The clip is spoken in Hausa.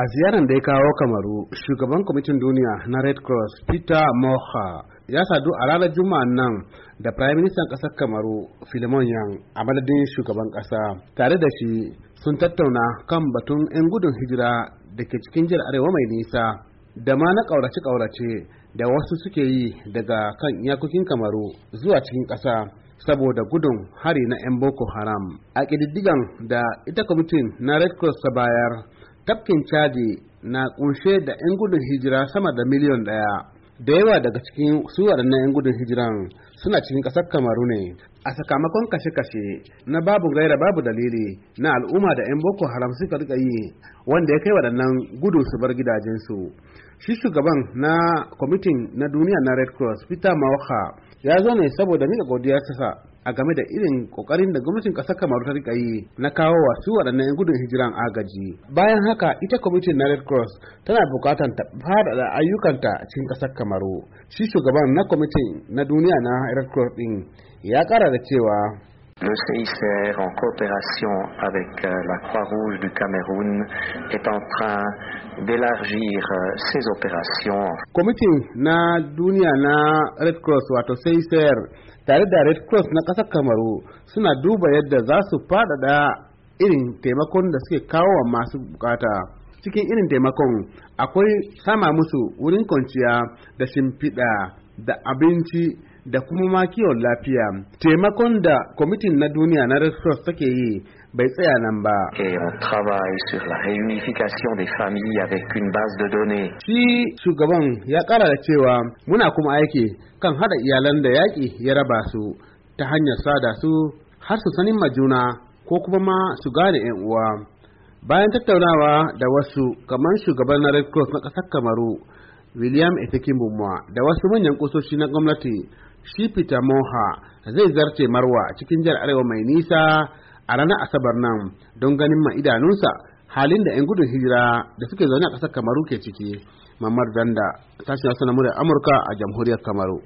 a ziyarar da ya kawo kamaru shugaban kwamitin duniya na red cross peter moha ya sadu a ranar juma'a nan da prime minister kasar kamaru filimon yan a madadin shugaban kasa tare da shi sun tattauna kan batun 'yan gudun hijira da ke cikin jihar arewa mai nisa da ma na ƙaurace kaurace da wasu suke yi daga kan iyakokin kamaru zuwa cikin ƙasa saboda gudun hari na 'yan boko haram a ƙididdigan da ita kwamitin na red cross ta bayar tafkin Chadi na kunshe da 'yan gudun hijira sama da miliyan daya da yawa daga cikin su waɗannan 'yan gudun hijiran suna cikin ƙasar kamaru ne a sakamakon kashe-kashe na babu gaira babu dalili na al'umma da 'yan boko haram suka rika yi wanda ya kai waɗannan gudu su bar gidajensu shi shugaban na kwamitin na duniya na red cross peter mawaka ya zo ne saboda mika godiyarsa a game da irin kokarin da gwamnatin kasar kamaru ta rika yi na kawo wa su waɗannan 'yan gudun hijiran agaji bayan haka ita kwamitin na red cross tana bukatar ta da ayyukanta a cikin kasar kamaru shi shugaban na kwamitin na duniya na red cross ɗin ya kara da cewa Le CICR, en coopération avec euh, la Croix-Rouge du Cameroun, est en train d'élargir ses euh, opérations. Comité na duniya na Red Cross wato CICR tare da Red Cross na ƙasar Kamaru suna duba yadda za su faɗaɗa irin taimakon da suke kawo wa masu bukata. Cikin irin taimakon akwai sama musu wurin kwanciya da shimfiɗa da abinci da kuma ma kiwon lafiya. Taimakon da kwamitin na duniya na Red Cross take yi bai tsaya nan ba. Shi shugaban ya kara da cewa muna kuma aiki kan hada iyalan da yaƙi ya raba su ta hanyar sada su har su sanin majuna ko kuma ma su gane 'yan uwa. Bayan tattaunawa da wasu kamar shugaban na Red Cross na ƙasar Kamaru, William Etekin Bumwa da wasu manyan kusoshi na gwamnati, shi Peter Moha zai zarce Marwa cikin jihar Arewa mai nisa a ranar asabar nan don ganin ma idanunsa halin da 'yan gudun hijira da suke zaune a ƙasar kamaru ke ciki mamar danda sashen wasu na amurka a jamhuriyar kamaru